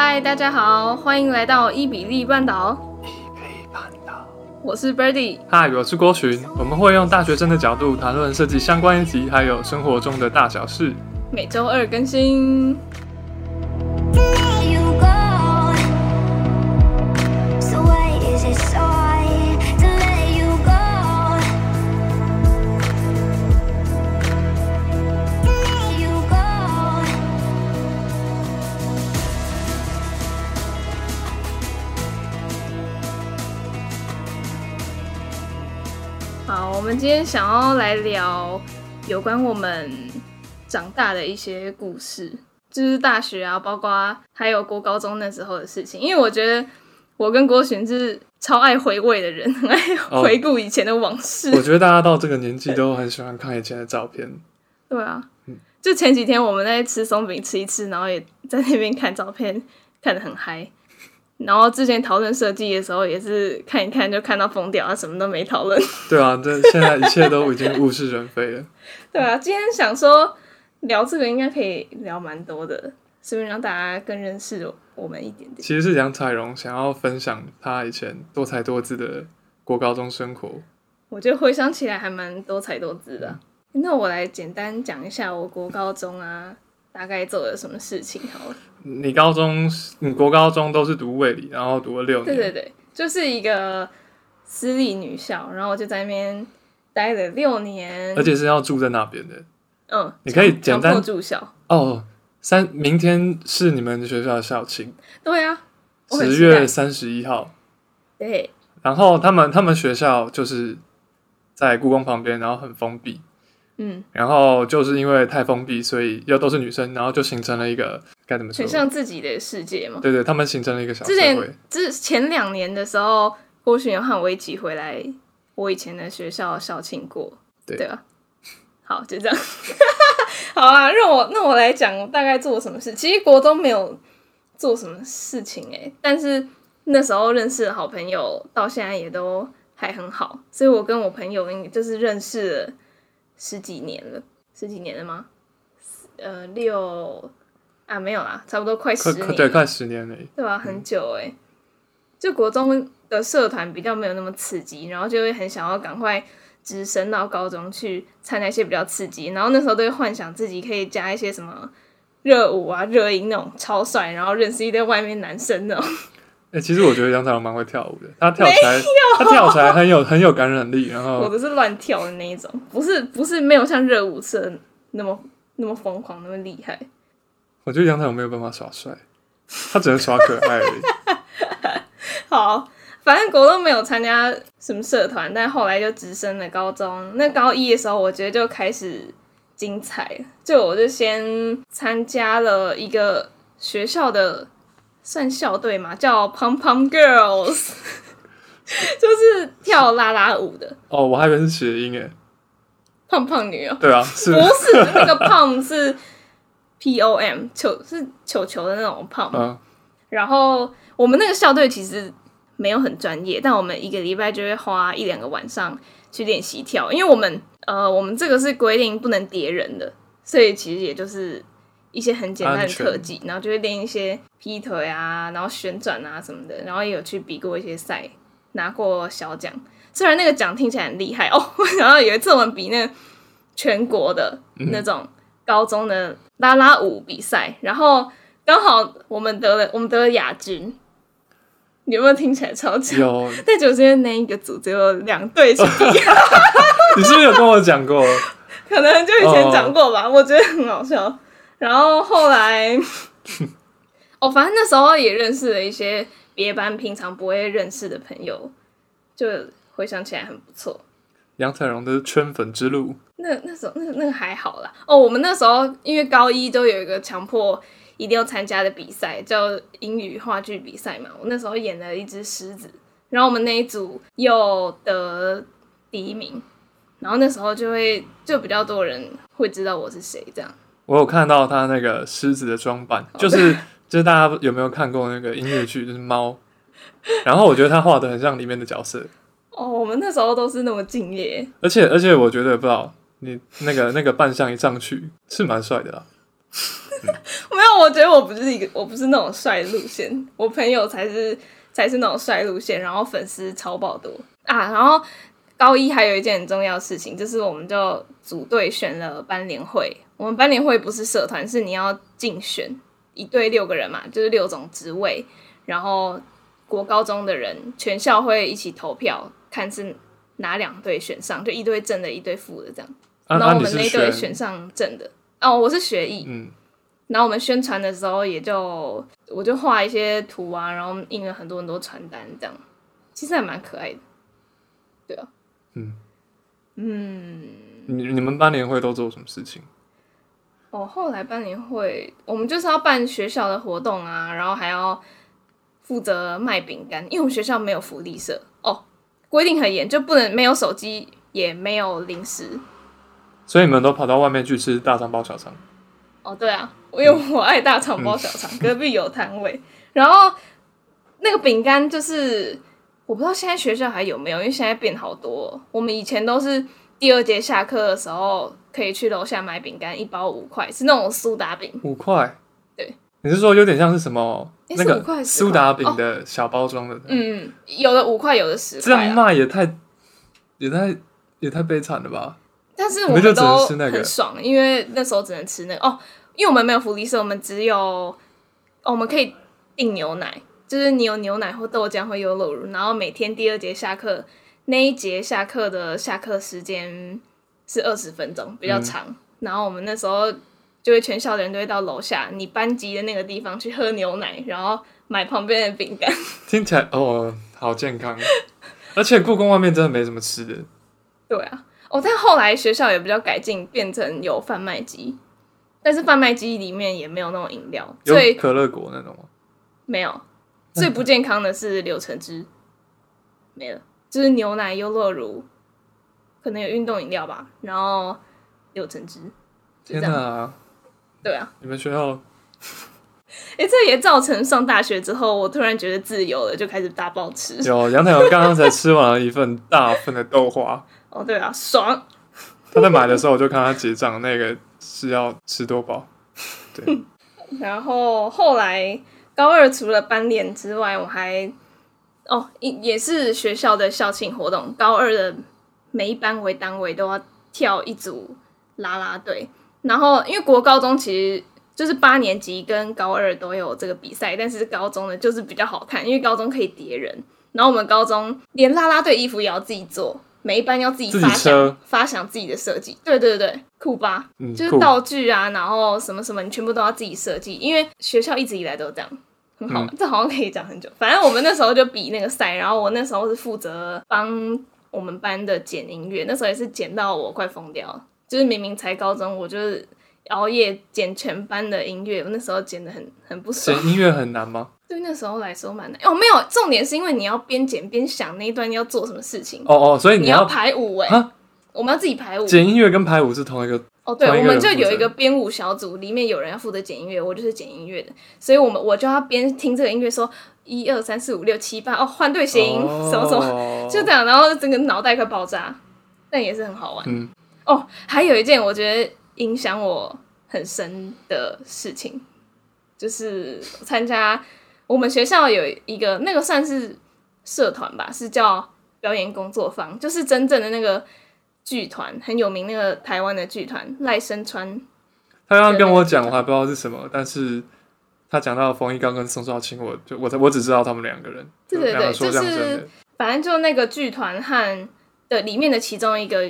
嗨，Hi, 大家好，歡迎來到依比例絆倒。絆倒，我是 Birdy。嗨，我是郭洵。我們會用大學生的角度談論設計相關議題，還有生活中的大小事。每周二更新。我們今天想要來聊有關我們長大的一些故事，就是大學啊，包括還有國高中那時候的事情。因為我覺得我跟郭洵是超愛回味的人，很愛回顧以前的往事。Oh, 我覺得大家到這個年紀都很喜歡看以前的照片。 對啊，就前幾天我們在吃鬆餅吃一吃，然後也在那邊看照片，看得很嗨。然後之前討論設計的時候，也是看一看就看到瘋掉，啊，什麼都沒討論。對啊，這現在一切都已經物是人非了。 對啊，今天想說聊這個應該可以聊蠻多的，是不是讓大家更認識我們一點點。其實是楊彩榮想要分享他以前多才多姿的國高中生活。我覺得回想起來還蠻多才多姿的。嗯、那我來簡單講一下我國高中啊，嗯、大概做了什麼事情好了。你高中，你國高中都是讀衛理，然後讀了六年。對對對，就是一個私立女校，然後就在那邊待了六年，而且是要住在那邊的。嗯，你可以簡單住校。哦，三，明天是你們學校的校慶。對啊，十月三十一號。對。然後他們，他們學校就是在故宮旁邊，然後很封閉。嗯，然後就是因為太封閉，所以又都是女生，然後就形成了一個該怎麼說？走向自己的世界嘛。對對，他們形成了一個小社會。之前，之前兩年的時候，郭洵和我一起回來，我以前的學校校慶過。對，對、啊，好，就這樣。 好啊，那我，那我來講我大概做什麼事。其實國中沒有做什麼事情哎、欸，但是那時候認識的好朋友，到現在也都還很好，所以我跟我朋友就是認識了。十幾年了，十幾年了嗎？呃，六啊，沒有啦，差不多快十年了，對，快十年了，對吧、啊？很久誒、欸。嗯、就國中的社團比較沒有那麼刺激，然後就會很想要趕快直升到高中去參加一些比較刺激，然後那時候都會幻想自己可以加一些什麼熱舞啊、熱音那種超帥，然後認識一堆外面男生的那種。哎、欸，其實我覺得楊太郎蠻會跳舞的，他跳起來，有他跳起來很有很有感染力，然後我不是亂跳的那一種，不是不是沒有像熱舞社那麼那麼瘋狂那麼厲害。我覺得楊太郎沒有辦法耍帥，他只能耍可愛而已。 好，反正國都沒有參加什麼社團，但後來就直升了高中。那高一的時候，我覺得就開始精彩，就我就先參加了一個學校的。算校隊嘛，叫 Pom Pom Girls， 就是跳啦啦舞的。哦，我還以為是諧音誒，胖胖女哦，喔。對啊，是。不是，那個胖是 POM 球是球球的那種胖。嗯、啊。然後我們那個校隊其實沒有很專業，但我們一個禮拜就會花一兩個晚上去練習跳，因為我們呃我們這個是規定不能疊人的，所以其實也就是。一些很簡單的特技，全然後就會練一些劈腿啊，然後旋轉啊什麼的，然後也有去比過一些賽，拿過小獎。雖然那個獎聽起來很厲害哦，然後有一次我們比那個全國的那種高中的啦啦舞比賽，嗯、然後剛好我們得了我們得了亞軍，你有沒有聽起來超級有？但我覺得那一個組只有兩隊，啊、 你是不是有跟我講過？ 可能就以前講過吧，哦、我覺得很好笑。然後後來， 哦，反正那時候也認識了一些別班平常不會認識的朋友，就回想起來很不錯。楊彩榮的圈粉之路，那那時候那那個還好啦。哦，我們那時候因為高一都有一個強迫一定要參加的比賽，叫英語話劇比賽嘛。我那時候演了一隻獅子，然後我們那一組又得第一名，然後那時候就會就比較多人會知道我是誰這樣。我有看到他那個獅子的裝扮，哦、就是就是大家有沒有看過那個音樂劇， 就是貓。然後我覺得他畫的很像裡面的角色。哦，我們那時候都是那麼敬業。而且而且，而且我覺得不知道你那個那個扮相，一上去是蠻帥的啦。沒有，我覺得我不是一個，我不是那種帥路線。我朋友才是才是那種帥路線，然後粉絲超爆多啊，然後。高一還有一件很重要的事情，就是我們就組隊選了班聯會。我們班聯會不是社團，是你要競選，一隊六個人嘛，就是六種職位。然後國高中的人全校會一起投票，看是哪兩隊選上，就一隊正的，一隊副的這樣。啊、然後我們那隊選上正的。啊、哦，我是學藝。嗯。然後我們宣傳的時候，也就我就畫一些圖啊，然後印了很多很多傳單這樣，其實還蠻可愛的。對啊。嗯嗯，嗯你，你們班聯會都做什麼事情？哦，後來班聯會，我們就是要辦學校的活動啊，然後還要負責賣餅乾，因為我們學校沒有福利社哦，規定很嚴，就不能，沒有手機，也沒有零食。所以你們都跑到外面去吃大腸包小腸。哦，對啊，我因為我愛大腸包小腸，隔壁，嗯、有攤位， 然後那個餅乾就是。我不知道現在學校還有沒有，因為現在變好多。我們以前都是第二節下課的時候可以去樓下買餅乾，一包五塊，是那種蘇打餅。五塊？對。你是說有點像是什麼那個蘇打餅的小包裝的、欸是五塊十塊哦？嗯有的五塊，有的十塊。這樣賣也太也太也太悲慘了吧！但是我們都很爽，因為那時候只能吃那個哦，因為我們沒有福利社，我們只有、哦、我們可以訂牛奶。就是你有牛奶或豆漿或優酪乳，然後每天第二節下課那一節下課的下課時間是二十分鐘，比較長。嗯，然後我們那時候就會全校的人都會到樓下你班級的那個地方去喝牛奶，然後買旁邊的餅乾。聽起來哦，好健康。 而且故宮外面真的沒什麼吃的。對啊，哦，但後來學校也比較改進，變成有販賣機，但是販賣機裡面也沒有那種飲料，有可樂果那種嗎？沒有。最不健康的是柳橙汁，沒了，就是牛奶、優酪乳，可能有運動飲料吧，然後柳橙汁。天哪、啊！對啊，你們學校？哎，這也造成上大學之後，我突然覺得自由了，就開始大暴吃。有楊太陽剛剛才吃完了一份大份的豆花。 哦，對啊，爽！他在買的時候，我就看他結賬，那個是要吃多飽？對。 然後後來。高二除了班聯之外，我還，哦，也是學校的校慶活動。高二的每一班為單位都要跳一組啦啦隊，然後因為國高中其實就是八年級跟高二都有這個比賽，但是高中的就是比較好看，因為高中可以疊人。然後我們高中連啦啦隊衣服也要自己做，每一班要自己發想發想自己的設計。對對對,對，酷吧，嗯，就是道具啊，然後什麼什麼你全部都要自己設計，因為學校一直以來都這樣。很好，嗯、這好像可以講很久。反正我們那時候就比那個賽，然後我那時候是負責幫我們班的剪音樂，那時候也是剪到我快瘋掉了。就是明明才高中，我就是熬夜剪全班的音樂，我那時候剪得很很不爽。剪音樂很難嗎？對那時候來說蠻難。哦，沒有，重點是因為你要邊剪邊想那一段要做什麼事情。哦哦，所以你要，你要排舞哎、欸。我們要自己排舞，剪音樂跟排舞是同一個哦？對，我們就有一個編舞小組，裡面有人要負責剪音樂，我就是剪音樂的。所以，我們我就要邊聽這個音樂，說一二三四五六七八哦，換隊形什麼什麼，就這樣。然後整個腦袋快爆炸，但也是很好玩。嗯。哦，還有一件我覺得影響我很深的事情，就是參加我們學校有一個那個算是社團吧，是叫表演工作坊，就是真正的那個。劇團很有名，那個台灣的劇團賴聲川。他剛剛跟我講，我還不知道是什麼，但是他講到馮翊綱跟宋少卿，我就我我只知道他們兩個人。對對對，就，就是反正就那個劇團和的裡面的其中一個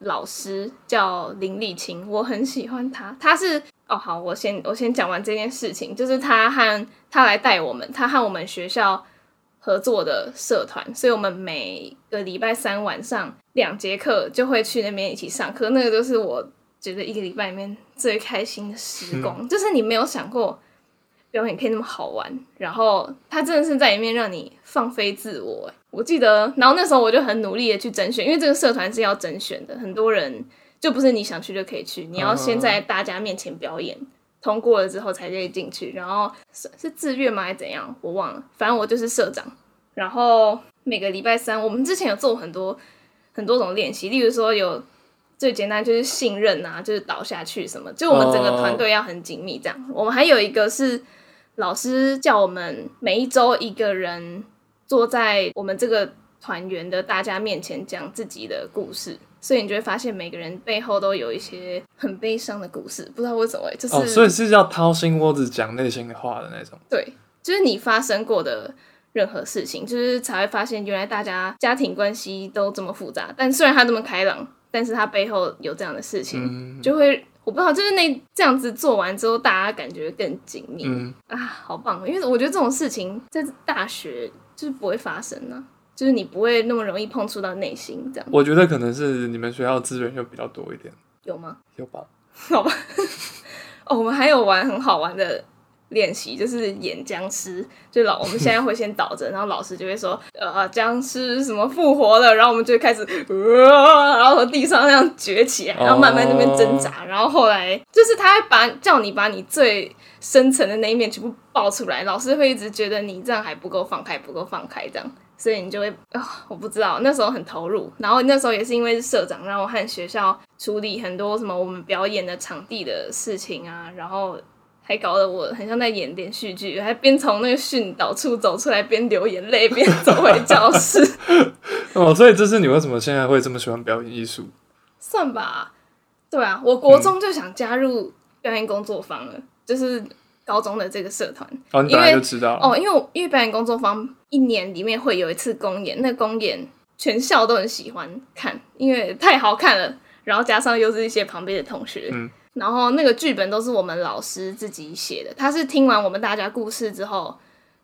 老師叫林立青，我很喜歡他。他是哦，好，我先我先講完這件事情，就是他和他來帶我們，他和我們學校合作的社團，所以我們每個禮拜三晚上兩節課就會去那邊一起上課。那個都是我覺得一個禮拜裡面最開心的時光，嗯、就是你沒有想過表演可以那麼好玩，然後它真的是在裡面讓你放飛自我。我記得，然後那時候我就很努力的去甄選，因為這個社團是要甄選的，很多人就不是你想去就可以去，你要先在大家面前表演。嗯通過了之後才可以進去，然後是是自願嗎，還是怎樣？我忘了，反正我就是社長。然後每個禮拜三，我們之前有做很多很多種練習，例如說有最簡單就是信任啊，就是倒下去什麼，就我們整個團隊要很緊密這樣。Uh、我們還有一個是老師叫我們每一週一個人坐在我們這個團員的大家面前講自己的故事。所以你就會發現，每個人背後都有一些很悲傷的故事，不知道為什麼、欸，就是哦，所以是要掏心窩子講內心的話的那種。對，就是你發生過的任何事情，就是才會發現原來大家家庭關係都這麼複雜。但雖然他這麼開朗，但是他背後有這樣的事情，嗯、就會我不知道，就是那這樣子做完之後，大家感覺更緊密。嗯啊，好棒，因為我覺得這種事情在大學就是不會發生呢、啊。就是你不會那麼容易碰觸到內心，這樣。我覺得可能是你們學校資源就比較多一點。有嗎？有吧。好吧。 哦，我們還有玩很好玩的練習，就是演僵屍。就老，我們現在會先倒着， 然後老師就會說：“呃，僵屍什麼復活了？”然後我們就會開始，呃、然後從地上那樣崛起來，然後慢慢那邊掙扎。哦、然後後來就是他會把叫你把你最深層的那一面全部爆出來，老師會一直覺得你這樣還不夠放開，不夠放開這樣。所以你就會啊、哦，我不知道那時候很投入，然後那時候也是因為是社長讓我和學校處理很多什麼我們表演的場地的事情啊，然後還搞得我很像在演連續劇，還邊從那個訓導處走出來邊流眼淚邊走回教室。 哦，所以這是你為什麼現在會這麼喜歡表演藝術？算吧，對啊，我國中就想加入表演工作坊了，嗯、就是高中的這個社團。哦，你當然就知道了哦，因為因為表演工作坊。一年裡面會有一次公演，那公演全校都很喜歡看，因為太好看了。然後加上又是一些旁邊的同學，嗯，然後那個劇本都是我們老師自己寫的，他是聽完我們大家故事之後，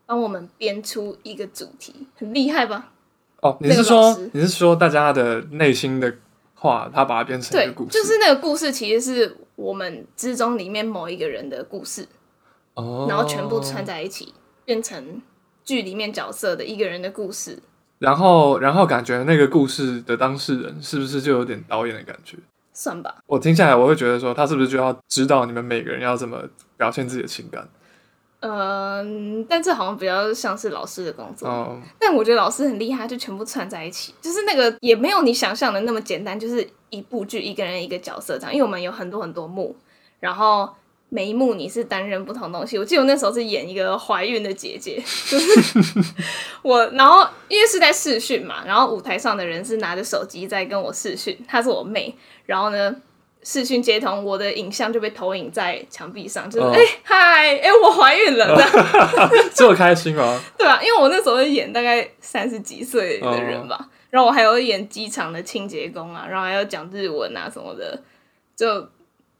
幫我們編出一個主題，很厲害吧？哦，你是說你是說大家的內心的話，他把它變成一個故事，對，就是那個故事其實是我們之中裡面某一個人的故事，哦，然後全部串在一起變成。劇裡面角色的一個人的故事，然後，然後感覺那個故事的當事人是不是就有點導演的感覺？算吧，我聽下來我會覺得說他是不是就要知道你們每個人要怎麼表現自己的情感？嗯，但這好像比較像是老師的工作。哦。但我覺得老師很厲害，就全部串在一起，就是那個也沒有你想象的那麼簡單，就是一部劇一個人一個角色這樣，因為我們有很多很多幕，然後。每一幕你是擔任不同東西，我記得我那時候是演一個懷孕的姐姐，就是 我，然後因為是在視訊嘛，然後舞台上的人是拿着手機在跟我視訊，他是我妹，然後呢視訊接通，我的影像就被投影在牆壁上，就是哎嗨，哎、哦欸欸、我懷孕了，哦、這哈樣 開心嗎？對啊，因為我那時候演大概三十幾歲的人吧，哦、然後我還有演機場的清潔工啊，然後還有講日文啊什麼的，就。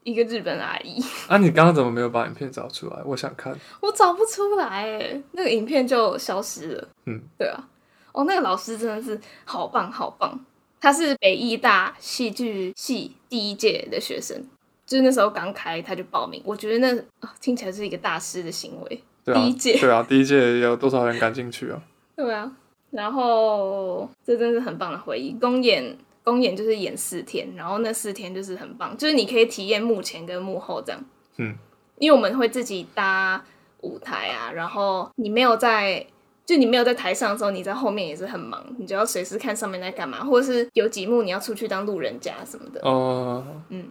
一個日本阿姨，啊，你剛剛怎麼沒有把影片找出來？我想看，我找不出來，誒，那個影片就消失了。嗯，對啊，哦，那個老師真的是好棒好棒，他是北藝大戲劇系第一屆的學生，就是那時候剛開他就報名，我覺得那、啊、聽起來是一個大師的行為。啊、第一屆，對啊，第一屆有多少人敢進去啊？對啊，然後這真的是很棒的回憶，公演。公演就是演四天，然後那四天就是很棒，就是你可以體驗幕前跟幕後這樣。嗯，因為我們會自己搭舞台啊，然後你沒有在就你沒有在台上的時候，你在後面也是很忙，你就要隨時看上面在幹嘛，或者是有幾幕你要出去當路人甲什麼的。哦，嗯，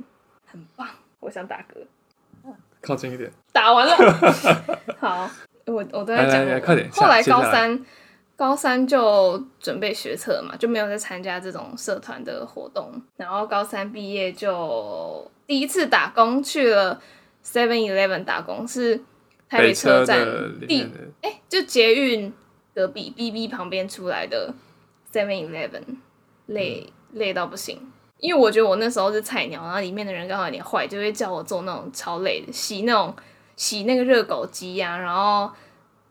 很棒，我想打歌，靠近一點。打完了， 好，我我都要講，來來來快點下後來高三。下下高三就準備學車嘛，就沒有再參加這種社團的活動。然後高三畢業就第一次打工，去了 Seven Eleven 打工，是台北車站地，第，哎，就捷運隔壁 B B 旁邊出來的 Seven Eleven，累、嗯、累到不行。因為我覺得我那時候是菜鳥，然後裡面的人剛好有點壞，就會叫我做那種超累的，洗那種洗那個熱狗機呀、啊，然後。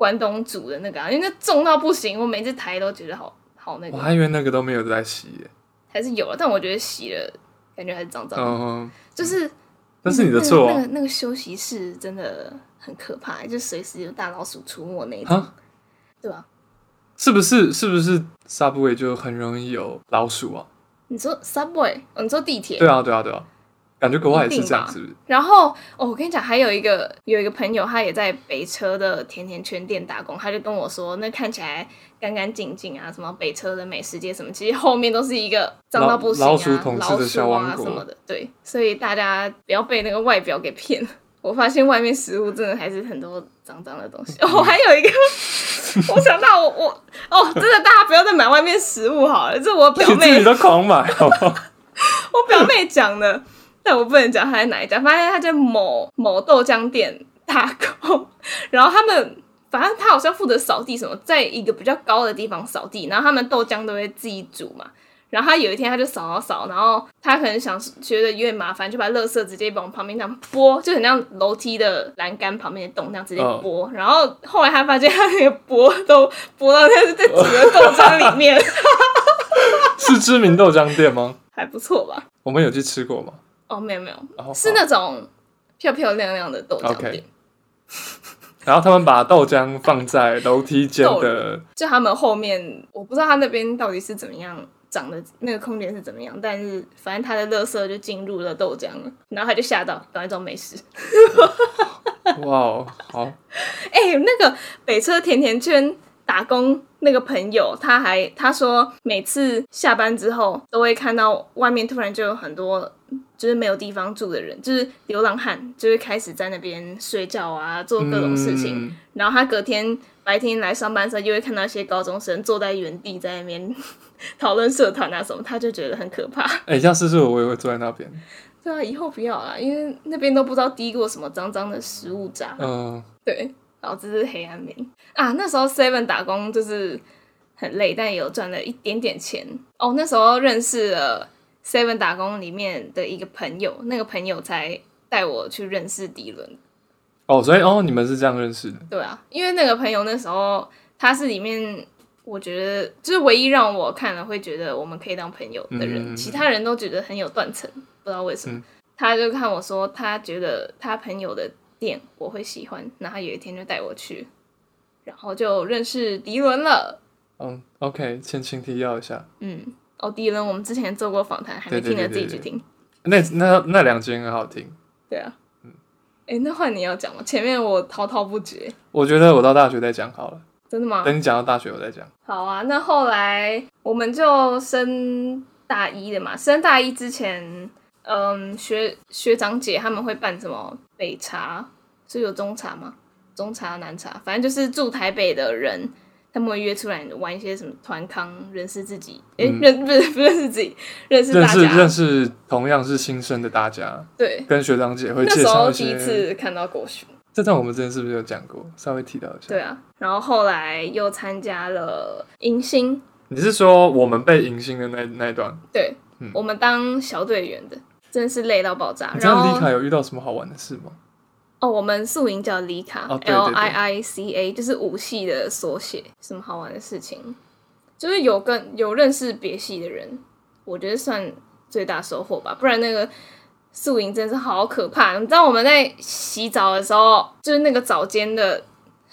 關東煮的那個、啊，因為那重到不行，我每次抬都覺得好好那個。我還以為那個都沒有在洗耶，還是有了，但我覺得洗了感覺還是髒髒的。嗯，就是、嗯、但是你的錯、啊那個。那個那個休息室真的很可怕，就隨時有大老鼠出沒那一種，對、啊、吧？是不是？是不是？Subway 就很容易有老鼠啊？你坐 Subway，、哦、你坐地鐵？對啊，對啊，對啊。感覺國外也是這樣子，然後哦，我跟你講，還有一個有一個朋友，他也在北車的甜甜圈店打工，他就跟我說，那看起來乾乾淨淨啊，什麼北車的美食街什麼，其實後面都是一個髒到不行啊，老，老鼠統治的小王國。老鼠啊什麼的。對，所以大家不要被那個外表給騙了。我發現外面食物真的還是很多髒髒的東西。我、 哦、還有一個， 我想到我我哦，真的大家不要再買外面食物好了， 這我表妹你都狂買好不好。 我表妹講的。 但我不能講他在哪一家，反正他在某某豆漿店打工。然後他們，反正他好像負責掃地什麼，在一個比較高的地方掃地。然後他們豆漿都會自己煮嘛。然後他有一天他就掃掃掃，然後他可能想覺得有點麻煩，就把垃圾直接往旁邊這樣撥，就很像樓梯的欄杆旁邊的洞這樣直接撥。嗯、然後後來他發現他那個撥都撥到像是在幾個豆漿裡面。是知名豆漿店嗎？還不錯吧？我們有去吃過嗎？哦，沒有沒有，是那種漂漂亮亮的豆漿店。Okay. 然後他們把豆漿放在樓梯間的， 就他們後面，我不知道他那邊到底是怎麼樣長的，那個空間是怎麼樣，但是反正他的垃圾就進入了豆漿，然後他就嚇到，搞一種美食。哇哦，好！哎，那個北車甜甜圈打工那個朋友，他還他說每次下班之後都會看到外面突然就有很多。就是沒有地方住的人，就是流浪漢，就會開始在那邊睡覺啊，做各種事情。嗯、然後他隔天白天來上班時，就會看到一些高中生坐在原地在那邊討論社團啊什麼，他就覺得很可怕。哎、欸，像是是我，我也會坐在那邊。對啊，以後不要啦、啊，因為那邊都不知道滴過什麼髒髒的食物渣。嗯、哦，對。然後這是黑暗面啊。那時候 seven 打工就是很累，但也有賺了一點點錢。哦，那時候認識了。Seven 打工裡面的一個朋友，那個朋友才帶我去認識迪倫。哦，oh, 所以哦，oh, 你們是這樣認識的？對啊，因為那個朋友那時候他是裡面，我覺得就是唯一讓我看了會覺得我們可以當朋友的人，mm hmm. 其他人都覺得很有斷層，不知道為什麼。Mm hmm. 他就看我說，他覺得他朋友的店我會喜歡，然後有一天就帶我去，然後就認識迪倫了。嗯、um,，OK，前情提要一下，嗯。哦，迪倫，我們之前做過訪談，還沒聽的自己去聽。對對對對對，那那那兩句很好聽。對啊，嗯，哎，那換你要講嗎？前面我滔滔不絕。我覺得我到大學再講好了。真的嗎？等你講到大學我再講。好啊，那後來我們就升大一了嘛。升大一之前，嗯，學學長姐他們會辦什麼北茶，是有中茶嘛？中茶、南茶，反正就是住台北的人。他們會約出來玩一些什麼團康？認識自己，哎、欸，嗯、認不是不是認識自己，認識大家認識認識同樣是新生的大家，對，跟學長姐會介紹一些，第一次看到郭洵，這段我們之前是不是有講過？稍微提到一下。對啊，然後後來又參加了迎新。你是說我們被迎新的那那一段？對，嗯、我們當小隊員的，真是累到爆炸。然後李凱有遇到什麼好玩的事嗎？哦，oh, 我們宿營叫 LICA，L、oh, I I C A 就是五系的縮寫。什麼好玩的事情？就是有跟有認識別系的人，我覺得算最大收穫吧。不然那個宿營真的是好可怕。你知道我們在洗澡的時候，就是那個澡間的。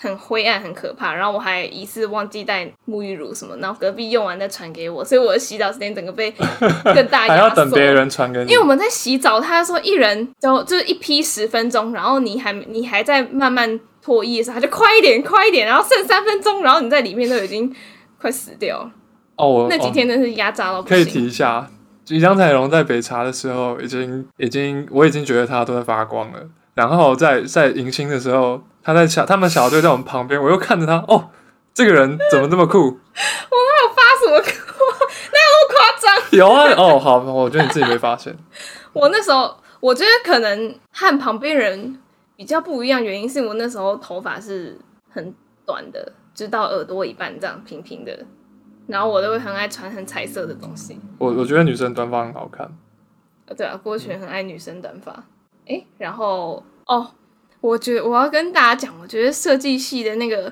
很灰暗，很可怕。然後我還一次忘記帶沐浴乳什麼，然後隔壁用完再傳給我，所以我的洗澡時間整個被更大壓縮。 還要等別人傳給你？因為我們在洗澡，他說一人就就是一批十分鐘，然後你還你還在慢慢脫衣的時候，他就快一點，快一點，然後剩三分鐘，然後你在裡面都已經快死掉了。哦，那幾天真是壓榨到不行、哦哦、可以提一下，張彩榮在北茶的時候，已經已經我已經覺得他都在發光了。然後在在迎新的時候，他在小他們小隊在我們旁邊， 我又看着他哦，這個人怎麼這麼酷？ 我沒有發什麼酷？ 有那有誇張？ 有啊，哦好，我覺得你自己沒發現。 我那時候我覺得可能和旁邊人比較不一樣，原因是我那時候頭髮是很短的，直到耳朵一半這樣平平的，然後我都會很愛穿很彩色的東西。我我覺得女生短髮很好看。對啊，郭洵很愛女生短髮。嗯哎、欸，然後哦，我覺得我要跟大家講，我覺得設計系的那個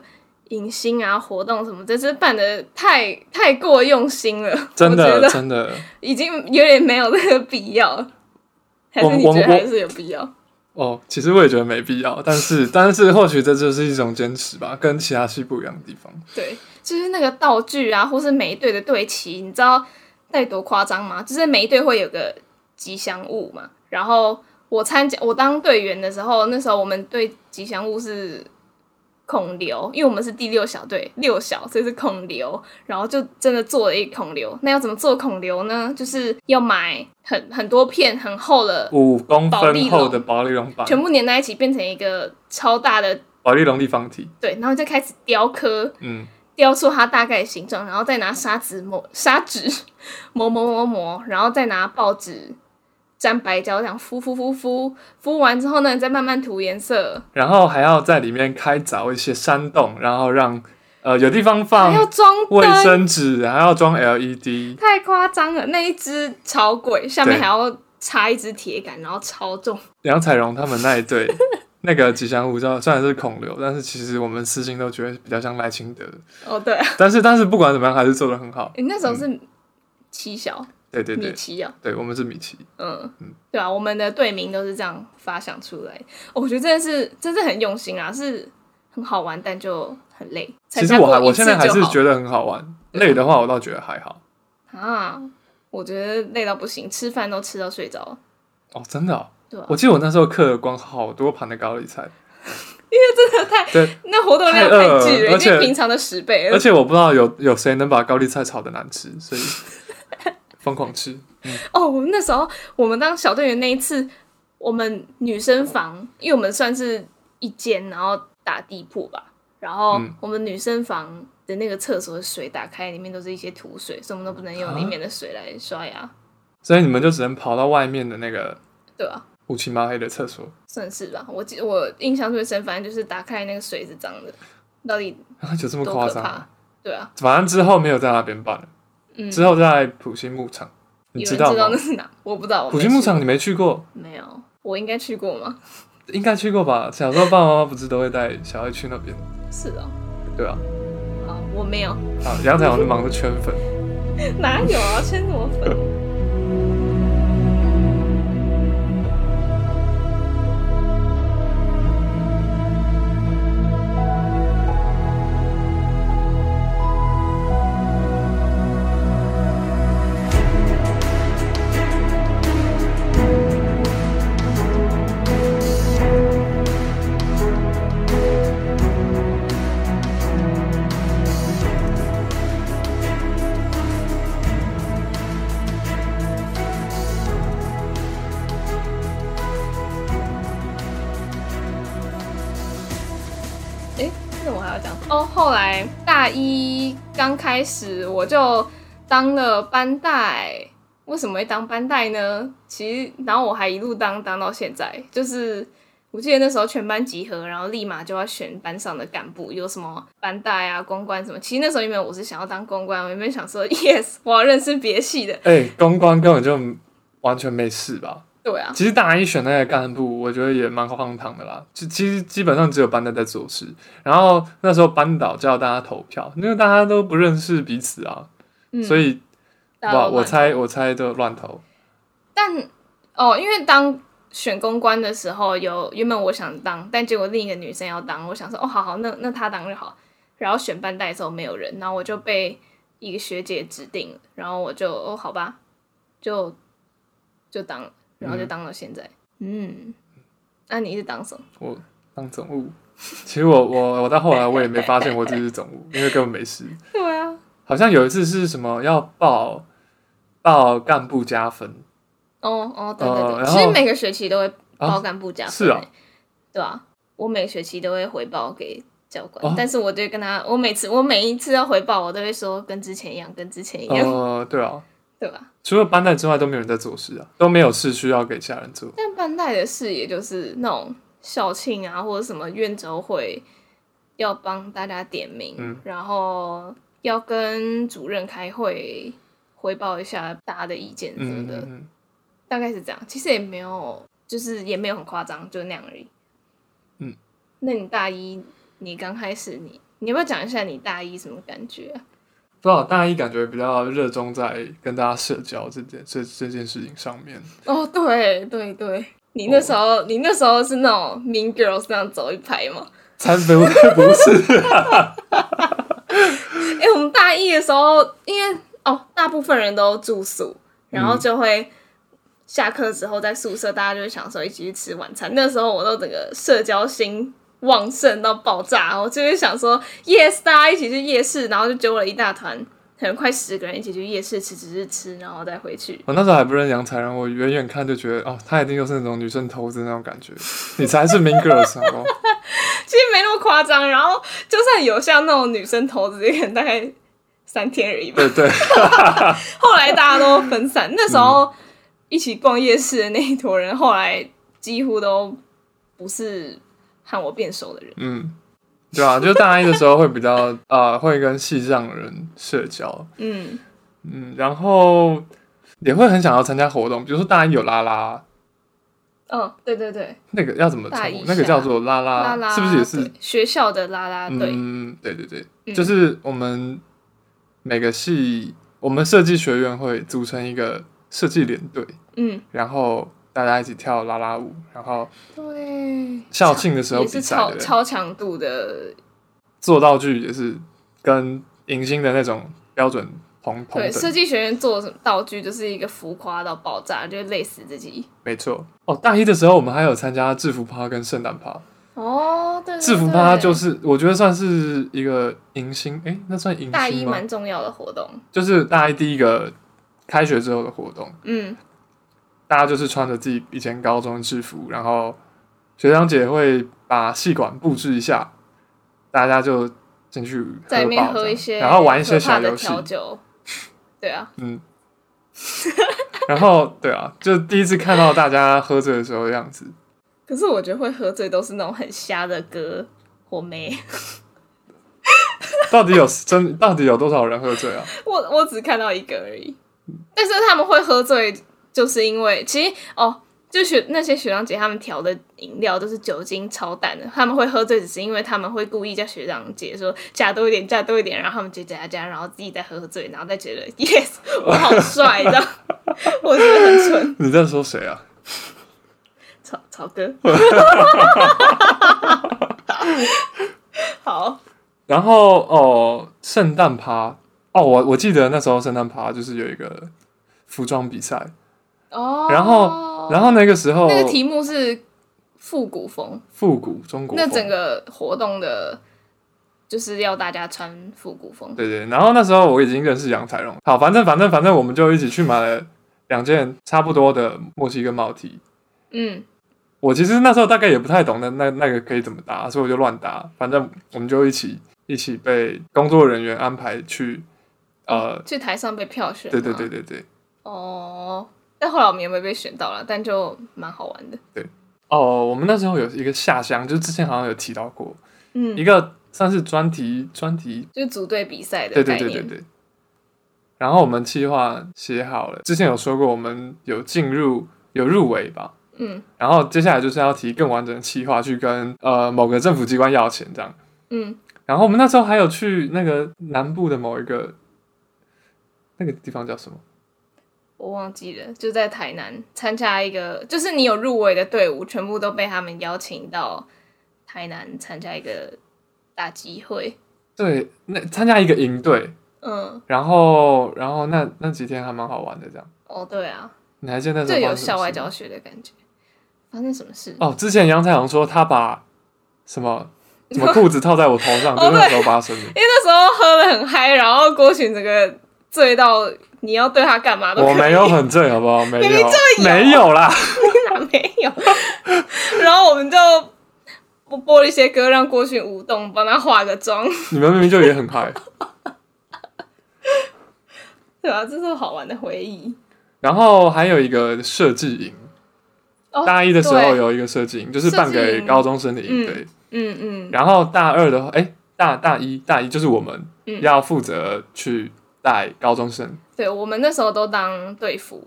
迎新啊活動什麼的，是辦得太太過用心了，真的真的，已經有點沒有那個必要。我還是你覺得還是有必要？哦，其實我也覺得沒必要，但是但是或許這就是一種堅持吧，跟其他系不一樣的地方。對，就是那個道具啊，或是每一隊的隊旗，你知道那有多誇張嗎？就是每一隊會有個吉祥物嘛，然後。我參加，我當隊員的時候，那時候我們隊吉祥物是孔劉，因為我們是第六小隊，六小，所以是孔劉，然後就真的做了一孔劉，那要怎麼做孔劉呢？就是要買很很多片很厚的五公分厚的保麗龍，全部粘在一起變成一個超大的保麗龍立方體。對，然後就開始雕刻，嗯，雕出它大概的形狀，然後再拿砂紙磨，砂紙磨，磨磨磨磨，然後再拿報紙。沾白膠，這樣敷敷敷敷敷完之後呢，再慢慢塗顏色。然後還要在裡面開鑿一些山洞，然後讓呃有地方放。還要裝衛生紙，還要裝 LED。太誇張了，那一隻超貴，下面還要插一隻鐵杆，對然後超重。梁彩榮他們那一隊 那個吉祥物叫雖然是孔劉，但是其實我們私心都覺得比較像賴清德。哦，對、啊。但是但是不管怎麼樣，還是做得很好。你、欸、那時候是七、嗯、小。對對對，米奇呀，對我們是米奇，嗯對啊。我們的隊名都是這樣發想出來，我覺得真的是，真是很用心啊，是很好玩，但就很累。其實我還，我現在還是覺得很好玩，累的話我倒覺得還好啊。我覺得累到不行，吃飯都吃到睡着。哦，真的，對啊，我記得我那時候嗑了光好多盤的高麗菜，因為真的太那活動量太巨了，已經平常的十倍，而且我不知道有有誰能把高麗菜炒得難吃，所以。瘋狂，狂吃哦！嗯 oh, 那時候我們當小隊員那一次，我們女生房，因為我們算是一間，然後打地鋪吧。然後我們女生房的那個廁所的水打開，裡面都是一些土水，所以我們都不能用裡面的水來刷牙，所以你們就只能跑到外面的那個對吧？烏漆抹黑的廁所，啊，算是吧。我記得我印象最深，反正就是打開那個水是髒的，到底 就這麼誇張，啊？對啊，反正之後沒有在那邊辦之後在埔心牧場，嗯、你知道嗎？知道，那是哪？我不知道。埔心牧場你沒去過？沒有，我應該去過嗎？ 應該去過吧。小時候爸爸媽媽不是都會帶小孩去那邊？是的對啊吧。啊，我沒有。啊、好楊彩王在忙着圈粉， 哪有啊？圈什麼粉？ 後來大一剛開始，我就當了班代。為什麼會當班代呢？其實，然後我還一路當當到現在。就是我記得那時候全班集合，然後立馬就要選班上的幹部，有什麼班代啊、公關什麼。其實那時候因為我是想要當公關，我原本想說，yes，我要認識別系的。哎、欸，公關根本就完全沒事吧。對啊，其實大一選那些幹部，我覺得也蠻荒唐的啦。就其實基本上只有班代在做事，然後那時候班導叫大家投票，因為大家都不認識彼此啊，嗯，所以哇，我猜我猜就亂投。但哦，因為當選公關的時候，有原本我想當，但結果另一個女生要當，我想說哦，好好，那那她當就好。然後選班代的時候沒有人，然後我就被一個學姐指定了，然後我就哦好吧，就就當。然後就當到現在，嗯，那、嗯啊、你一直當什麼？我當總務。其實我我我到後來我也沒發現我自己是總務， 因為根本沒事。對啊，好像有一次是什麼要報報幹部加分。哦哦對對對，呃、其實每個學期都會報幹部加分，啊是啊對啊，我每個學期都會回報給教官，哦、但是我對跟他，我每次我每一次要回報，我都會說跟之前一樣，跟之前一樣。哦，對啊。對吧？除了班代之外，都沒有人在做事啊，都沒有事需要給家人做。但班代的事也就是那種校慶啊，或者什麼院週會，要幫大家點名，嗯、然後要跟主任開會匯報一下大家的意見什麼的，是不是，嗯、哼哼，大概是這樣。其實也沒有，就是也沒有很誇張，就是、那樣而已。嗯，那你大一，你剛開始你，你你有沒有講一下你大一什麼感覺、啊？不知道大一感覺比較熱衷在跟大家社交這件這這件事情上面哦、oh,，對對對，你那時候、oh. 你那時候是那種 mean girls 那樣走一排嗎？才不是！不是！哎，我們大一的時候，因為哦，大部分人都住宿，然後就會下課之後在宿舍，嗯、大家就會享受一起去吃晚餐。那時候我都整個社交心旺盛到爆炸，我就是想說 yes，大家一起去夜市，然後就揪了一大團，可能快十個人一起去夜市吃吃吃，然後再回去。我、哦、那時候還不認楊才，然後我遠遠看就覺得，哦，她一定又是那種女生頭子那種感覺，你才是 Mean Girls，其實沒那麼誇張。然後就算有像那種女生頭子，也可能大概三天而已吧。對對，對。 後來大家都分散， 那時候、嗯、一起逛夜市的那一坨人，後來幾乎都不是。和我變熟的人，嗯，對啊，就大一的時候會比較啊、 呃，會跟系上人社交，嗯嗯，然後也會很想要參加活動，比如說大一有拉拉，哦，對對對，那個要怎麼那個叫做拉拉，啦啦是不是也是學校的拉拉隊？嗯，對對對，嗯、就是我們每個系，我們設計學院會組成一個設計連隊，嗯，然後。大家一起跳啦啦舞，然後對校慶的時候的也是超超強度的做道具，也是跟迎新的那種標準蓬蓬。對設計學院做什麼道具，就是一個浮誇到爆炸，就累死自己。沒錯哦，大一的時候我們還有參加制服趴跟聖誕趴哦。對,對,對制服趴就是我覺得算是一個迎新，哎、欸，那算迎大一蠻重要的活動，就是大一第一個開學之後的活動。嗯。大家就是穿着自己以前高中制服，然後學長姐會把系館布置一下，大家就進去在裡面喝一些，然後玩一些小遊戲。對啊，嗯，然後對啊，就第一次看到大家喝醉的時候的樣子。可是我覺得會喝醉都是那種很瞎的歌，我沒。到底有真，到底有多少人喝醉啊？我我只看到一個而已，但是他們會喝醉。就是因為其實哦，就學那些學長姐他們調的飲料都是酒精超淡的。他們會喝醉只是因為他們會故意叫學長姐說加多一點，加多一點，然後他們就加加，加、加，然後自己再喝喝醉，然後再覺得 Yes，我好帥，你知道我真的很蠢。你在說誰啊？草草哥。 好。然後哦，聖誕趴哦，我我記得那時候聖誕趴就是有一個服裝比賽。然後，然後那個時候，那個題目是復古風，復古中國。那整個活動的，就是要大家穿復古風。對對。然後那時候我已經認識楊彩榮。好，反正反正反正，反正我們就一起去買了兩件差不多的墨西哥帽體。嗯。我其實那時候大概也不太懂那，那那那個可以怎麼搭，所以我就亂搭。反正我們就一起一起被工作人員安排去呃去台上被票選。對對對對對。哦。但後來我們也沒有被選到了，但就蠻好玩的。對哦，oh, 我們那時候有一個下鄉，就之前好像有提到過，嗯，一個算是專題專題，就是組隊比賽的。對對對對對。然後我們計劃寫好了，之前有說過，我們有進入有入圍吧，嗯。然後接下來就是要提更完整的計劃去跟呃某個政府機關要錢，這樣。嗯。然後我們那時候還有去那個南部的某一個，那個地方叫什麼？我忘記了，就在台南參加一個，就是你有入圍的隊伍，全部都被他們邀請到台南參加一個大集會。對，那參加一個營隊，嗯然，然後然後那那幾天還蠻好玩的，這樣。哦，對啊，你還記得那有校外教學的感覺。發、啊、生什麼事？哦，之前楊彩航說他把什麼什麼褲子套在我頭上， 就那時候發生、 哦。因為那時候喝得很嗨，然後郭洵整個醉到。你要對他幹嘛？我沒有很醉，好不好？沒有，沒有啦，哪沒有？然後我們就播了一些歌，讓郭洵舞動，幫他化個妝。你們明明就也很嗨。對啊。這是好玩的回憶。然後還有一個設計營，大一的時候有一個設計營，就是辦給高中生的營。對，嗯嗯。然後大二的話，哎，大大一大一就是我們要負責去。在高中生，對我們那時候都當隊服，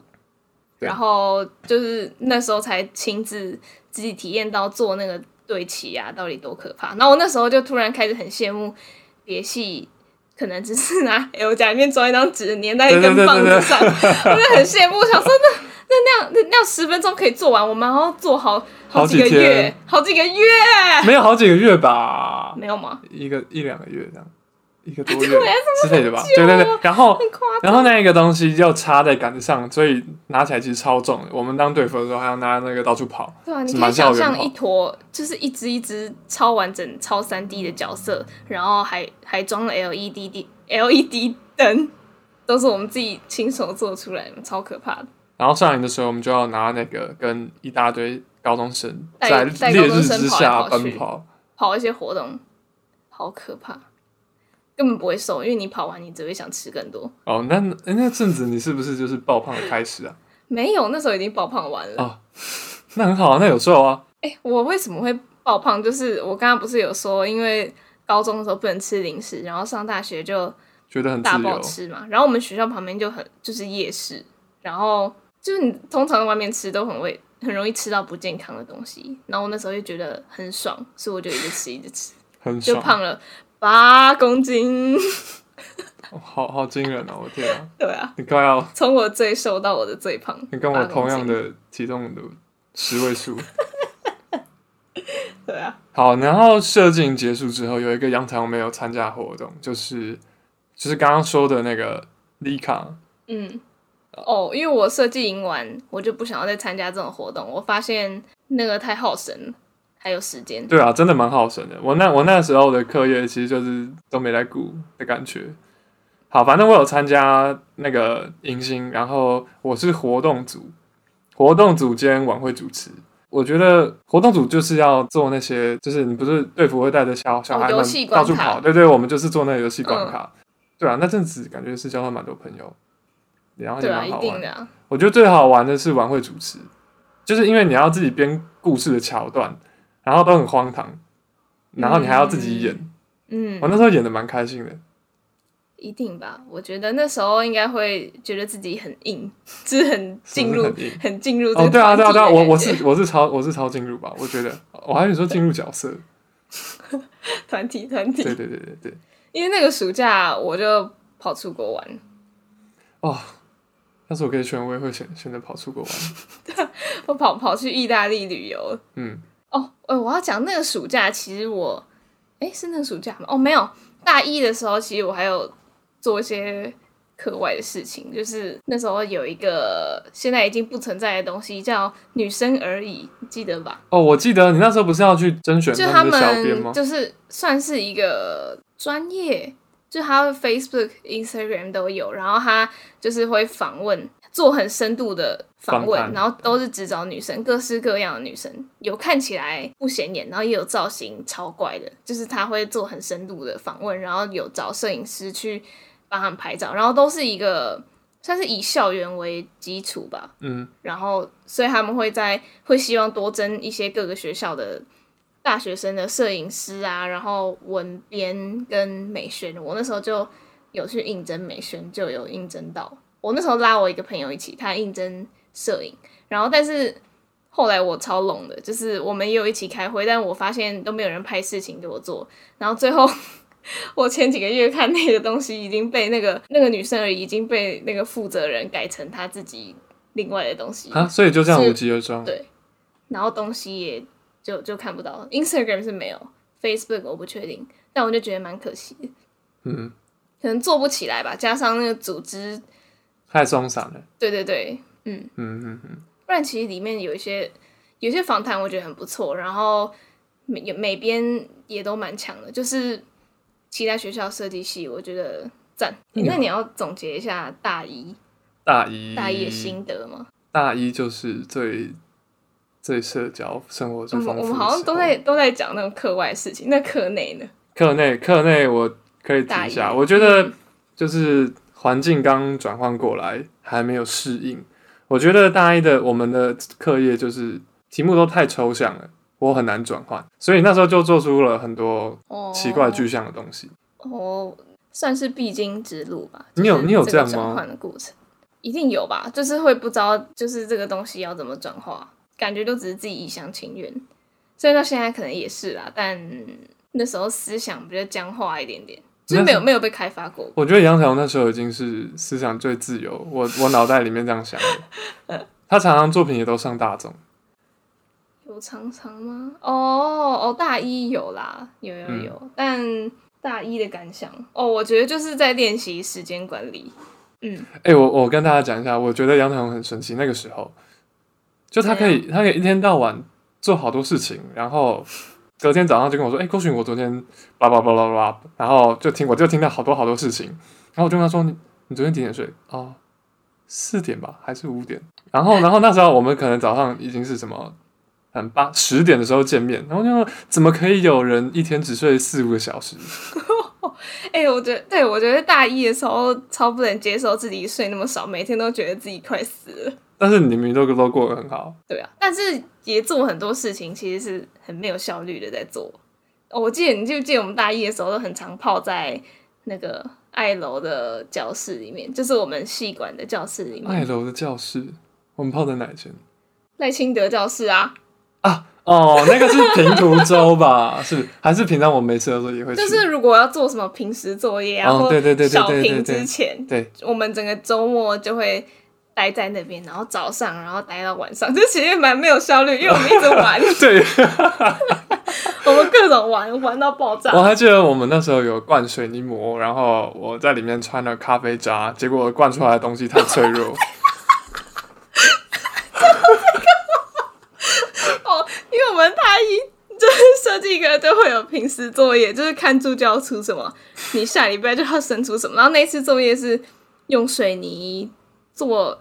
對然後就是那時候才親自自己體驗到做那個隊旗呀，到底多可怕。然後我那時候就突然開始很羨慕別系，可能只是拿 L 夾裡面裝一張紙粘在一根棒子上，我就很羨慕。我想說那那那樣那樣十分鐘可以做完，我們要做好好幾個月，好幾個月，個月，沒有好幾個月吧？沒有嗎？一個一兩個月這樣。一個多月之類的吧，對對對，然後然後那一個東西就插在杆子上，所以拿起來其實超重的。我們當隊服的時候還要拿那個到處跑，對啊，像跑你敢想像一坨就是一隻一隻超完整、超三 D 的角色，嗯、然後還還裝了 LED LED 燈都是我們自己親手做出來的，超可怕的。然後上場的時候，我們就要拿那個跟一大堆高中生在烈日之下奔跑，跑，跑，跑一些活動，好可怕。根本不會瘦，因為你跑完你只會想吃更多。哦、oh, 欸，那那陣子你是不是就是爆胖的開始啊？ 沒有，那時候已經爆胖完了。哦，oh, 那很好啊，那有瘦啊，欸？我為什麼會爆胖？就是我剛剛不是有說，因為高中的時候不能吃零食，然後上大學就覺得很大爆吃嘛。然後我們學校旁邊就很就是夜市，然後就是你通常在外面吃都很會很容易吃到不健康的東西。然後我那時候就覺得很爽，所以我就一直吃一直吃，很爽就胖了。八公斤， 好好驚人哦！我天啊， 對啊，你快要從我最瘦到我的最胖，你跟我公 同樣的體重的十位數， 對啊。好，然後設計營結束之後，有一個陽台我沒有參加活動，就是就是剛剛說的那個麗卡，嗯，哦，因為我設計營完，我就不想要再參加這種活動，我發現那個太耗神了。還有時間，對啊，真的蠻耗神的。我那我那時候的課業其實就是都沒在顧的感覺。好，反正我有參加那個迎新，然後我是活動組，活動組兼晚會主持。我覺得活動組就是要做那些，就是你不是隊服會帶着小小孩們到處跑，哦、對，對對，我們就是做那個遊戲關卡。嗯、對啊，那陣子感覺是交到蠻多朋友，然後就蠻好玩。啊啊、我覺得最好玩的是晚會主持，就是因為你要自己編故事的橋段。然後都很荒唐，然後你還要自己演。嗯，我那時候演得蠻開心的。一定吧？我覺得那時候應該會覺得自己很硬，就是很進入，是是很，很進入。哦，對啊，對啊，對啊，對我我是我是超我是超進入吧？ 我覺得我還是說進入角色。團體團體。團體對對對對對。因為那個暑假我就跑出國玩。哦，要是我可以選，我也會選選擇跑出國玩。 我跑跑去意大利旅遊。嗯。哦，呃、oh, 欸，我要講那個暑假，其實我，哎、欸，是那個暑假嗎？哦、oh,，沒有，大一的時候，其實我還有做一些課外的事情，就是那時候有一個現在已經不存在的東西，叫女生而已，記得吧？哦，oh, 我記得你那時候不是要去甄選他們的小編嗎就他們就是算是一個專業，就他 Facebook、Instagram 都有，然後他就是會訪問。做很深度的訪問，談然後都是只找女生，各式各樣的女生，有看起來不顯眼，然後也有造型超怪的。就是他會做很深度的訪問，然後有找攝影師去幫他們拍照，然後都是一個算是以校園為基礎吧，嗯，然後所以他們會在會希望多徵一些各個學校的大學生的攝影師啊，然後文編跟美宣。我那時候就有去應徵美宣，就有應徵到。我那時候拉我一個朋友一起，他應徵攝影，然後但是後來我超攏的，就是我們也有一起開會，但我發現都沒有人派事情給我做，然後最後 我前幾個月看那個東西已經被那個那個女生已經被那個負責人改成她自己另外的東西啊，所以就這樣無疾而終。對，然後東西也就就看不到，Instagram 是沒有，Facebook 我不確定，但我就覺得蠻可惜，嗯，可能做不起來吧，加上那個組織，太鬆散了。對對對，嗯嗯嗯嗯，不然其實裡面有一些有一些訪談，我覺得很不錯。然後每每邊也都蠻強的，就是其他學校設計系，我覺得讚、欸。那你要總結一下大一、嗯、大一大一的心得嗎？大一就是最最社交生活最豐富，嗯。我們好像都在都在講那種課外的事情，那課內呢？課內課內我可以提一下，一我覺得就是。嗯環境剛轉換過來，還沒有適應。我覺得大一的我們的課業就是題目都太抽象了，我很難轉換，所以那時候就做出了很多奇怪具象的東西。哦，oh, oh, 算是必經之路吧。你有你有,你有這樣嗎轉換的過程？一定有吧，就是會不知道就是這個東西要怎麼轉化，感覺都只是自己一廂情願。所以到現在可能也是啦，但那時候思想比較僵化一點點。沒有沒有被開發過。我覺得楊彩虹那時候已經是思想最自由。 我我腦袋裡面這樣想的。 嗯、他常常作品也都上大眾。有常常嗎？哦哦，大一有啦，有有有。嗯、但大一的感想哦，oh, 我覺得就是在練習時間管理。嗯。哎、欸，我我跟大家講一下，我覺得楊彩虹很神奇。那個時候，就他可以，樣他可以一天到晚做好多事情，然後。昨天早上就跟我說：“哎、欸，郭洵，我昨天……叭叭叭叭叭，然後就聽我就聽到好多好多事情，然後我就跟他說：你你昨天幾點睡啊？四、哦、點吧，還是五點？然後然後那時候我們可能早上已經是什麼很八十點的時候見面，然後就說：怎麼可以有人一天只睡四五個小時？哎、 欸，我覺得對，我覺得大一的時候超不能接受自己睡那麼少，每天都覺得自己快死。”了。但是你們都都過得很好，對啊，但是也做很多事情，其實是很沒有效率的在做。我記得，你記不記得，我們大一的時候，都很常泡在那個愛樓的教室裡面，就是我們系館的教室裡面。愛樓的教室，我們泡在哪一間？賴清德教室啊啊哦，那個是評圖週吧？是還是平常我沒事的時候也會？就是如果要做什麼平時作業，啊後對對對對對，我們整個周末就會。待在那邊，然後早上，然後待到晚上，就其實蠻沒有效率，因為我們一直玩。 對， 我們各種玩玩到爆炸。我還記得我們那時候有灌水泥模，然後我在裡面穿了咖啡渣，結果灌出來的東西太脆弱。哦，因為我們大一就是設計課就會有平時作業，就是看助教出什麼，你下禮拜就要生出什麼。 然後那次作業是用水泥做。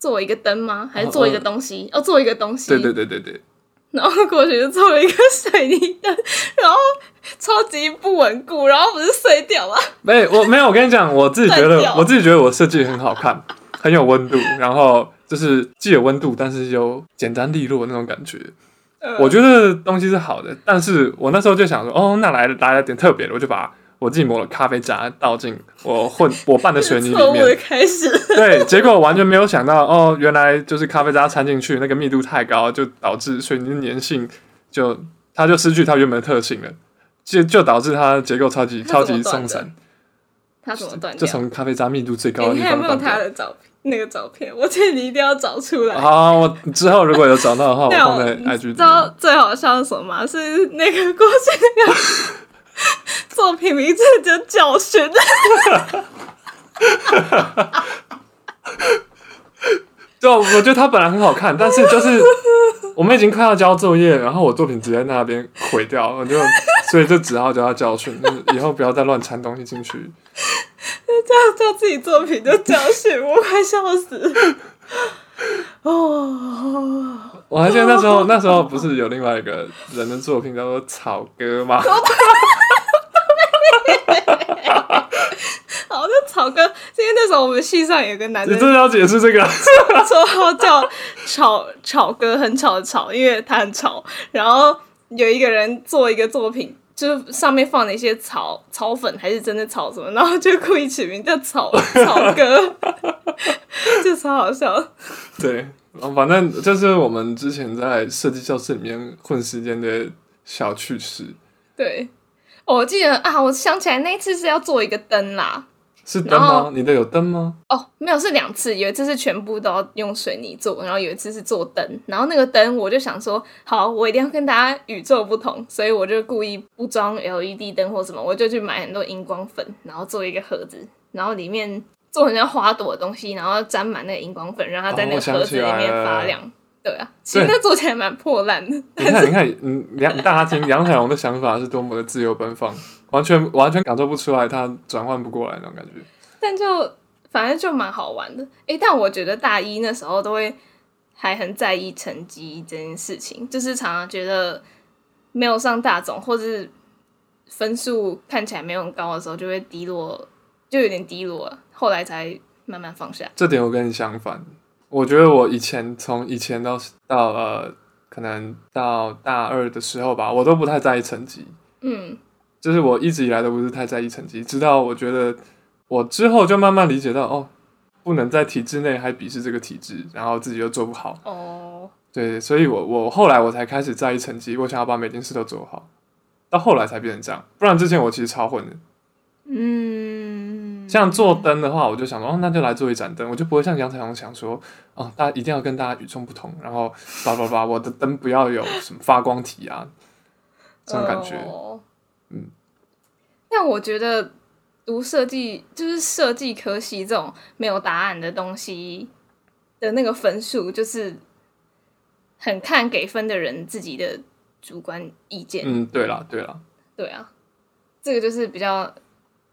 做一個燈嗎？還是做一個東西？要、哦哦哦、做一個東西。對對對對對。然後過去就做了一個水泥燈，然後超級不穩固，然後不是碎掉嗎？沒、欸，我沒有。我跟你講，我自己覺得，掉我自己覺得我設計很好看， 很有溫度，然後就是既有溫度，但是又簡單利落那種感覺。呃、我覺得東西是好的，但是我那時候就想說，哦，那來來點特別的，我就把它。我自己抹了咖啡渣倒，倒進我混我拌的水泥裡面。 從我開始。對，結果完全沒有想到，哦，原來就是咖啡渣摻進去，那個密度太高，就導致水泥粘性就它就失去它原本的特性了，就就導致它的結構超級超級鬆散。它怎麼斷？麼就從咖啡渣密度最高的地方斷的、欸。你還沒有他的照片，那個照片，我建議你一定要找出來。好,好,好，我之後如果有找到的話， 我,我放在 IG 你知道最好笑的什麼嗎是那個過去 作品名字叫教訓， 就我覺得他本來很好看，但是就是 我們已經快要交作業，然後我作品直接在那邊毀掉了，就所以就只好叫他教訓， 以後不要再亂摻東西進去。那這樣叫自己作品叫教訓， 我快笑死。 哦，oh, oh, oh, oh. 我還記得那時候，oh, oh, oh. 那時候不是有另外一個人的作品叫做“吵哥嗎？好，這“吵哥，因為那時候我們系上有個男的，你真的要解釋這個？說 叫“吵吵哥很吵的“吵”，因為他很吵。然後有一個人做一個作品。就上面放了一些草草粉，還是真的草什麼，然後就故意起名叫草草哥， 就超好笑。對，反正就是我們之前在設計教室裡面混時間的小趣事。對、哦，我記得啊，我想起來那次是要做一個燈啦。是燈嗎？後你的有燈嗎？哦，沒有，是兩次，有一次是全部都要用水泥做，然後有一次是做燈，然後那個燈我就想說，好，我一定要跟大家與眾不同，所以我就故意不裝 LED 燈或什麼，我就去買很多熒光粉，然後做一個盒子，然後裡面做成像花朵的東西，然後沾滿那個熒光粉，讓它在那個盒子裡面發亮。哦、對啊，其實那做起來蠻破爛的。對但是 你看，你看，嗯，梁大金、梁彩虹的想法是多麼的自由奔放。完全完全感受不出來，他轉換不過來那種感覺。但就反正就蠻好玩的。誒、欸。但我覺得大一那時候都會還很在意成績這件事情，就是常常覺得沒有上大中，或是分數看起來沒有很高的時候，就會低落，就有點低落。後來才慢慢放下。這點我跟你相反，我覺得我以前、嗯、從以前到到呃，可能到大二的時候吧，我都不太在意成績。嗯。就是我一直以來都不是太在意成績，直到我覺得我之後就慢慢理解到哦，不能在體制內還鄙視這個體制，然後自己又做不好。哦，對，所以我我後來我才開始在意成績，我想要把每件事都做好，到後來才變成這樣。不然之前我其實超混的。嗯，像做燈的話，我就想說哦，那就來做一盞燈，我就不會像楊彩虹想說哦，大家一定要跟大家與眾不同，然後叭叭叭，巴巴巴 我的燈不要有什麼發光體啊，哦，這種感覺。嗯，但我覺得讀設計就是設計科系這種沒有答案的東西的那個分數，就是很看給分的人自己的主觀意見。嗯，對了，對了，對啊，這個就是比較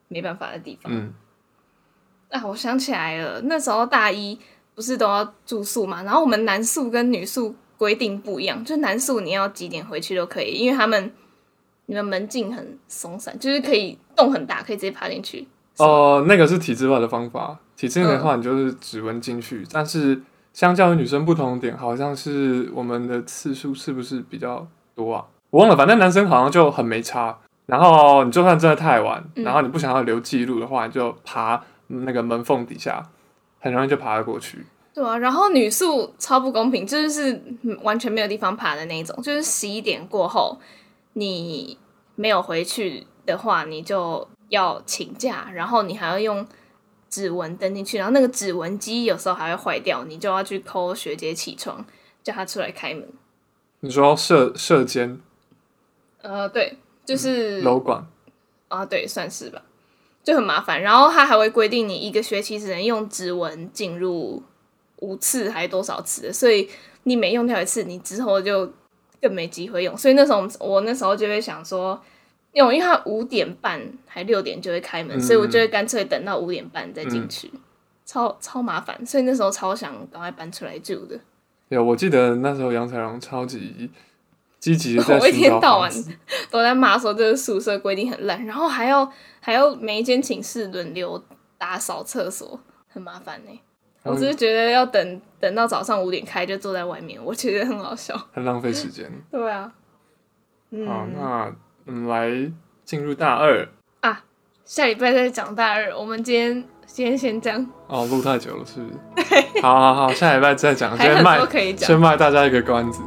沒辦法的地方。嗯，啊，我想起來了，那時候大一不是都要住宿嘛，然後我們男宿跟女宿規定不一樣，就男宿你要幾點回去都可以，因為他們。你的門禁很鬆散，就是可以洞很大，可以直接爬進去。哦、呃，那個是體制外的方法。體制內的話，你就是指紋進去。嗯、但是相較於女生不同的點，好像是我們的次數是不是比較多啊？我忘了，反正男生好像就很沒差。然後你就算真的太晚，然後你不想要留記錄的話，嗯、你就爬那個門縫底下，很容易就爬得過去。對啊，然後女宿超不公平，就是完全沒有地方爬的那種，就是十一點過後。你沒有回去的話，你就要請假，然後你還要用指紋登進去，然後那個指紋機有時候還會壞掉，你就要去摳學姐起床，叫她出來開門。你說要舍、舍監？呃，對，就是、嗯、樓管啊，對，算是吧，就很麻煩。然後他還會規定你一個學期只能用指紋進入五次還是多少次，所以你每用掉一次，你之後就。更沒機會用，所以那時候我那時候就會想說，因為因為他五點半還六點就會開門，嗯、所以我就會乾脆等到五點半再進去，嗯、超超麻煩，所以那時候超想趕快搬出來住的。有、哦，我記得那時候楊才榮超級積極，在我一天到晚都在罵說這個宿舍規定很爛，然後還要還要每一間寢室輪流打掃廁所，很麻煩呢、欸。我只是，是覺得要等等到早上五點開，就坐在外面，我覺得很好笑，很浪費時間。對啊，嗯，好，那我們來進入大二啊，下禮拜再講大二。我們今天今天先這樣哦，錄太久了，是不是？ 好，好，好，下禮拜再講，還有很多可以講，先賣先賣大家一個關子。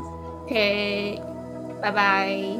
OK，拜拜。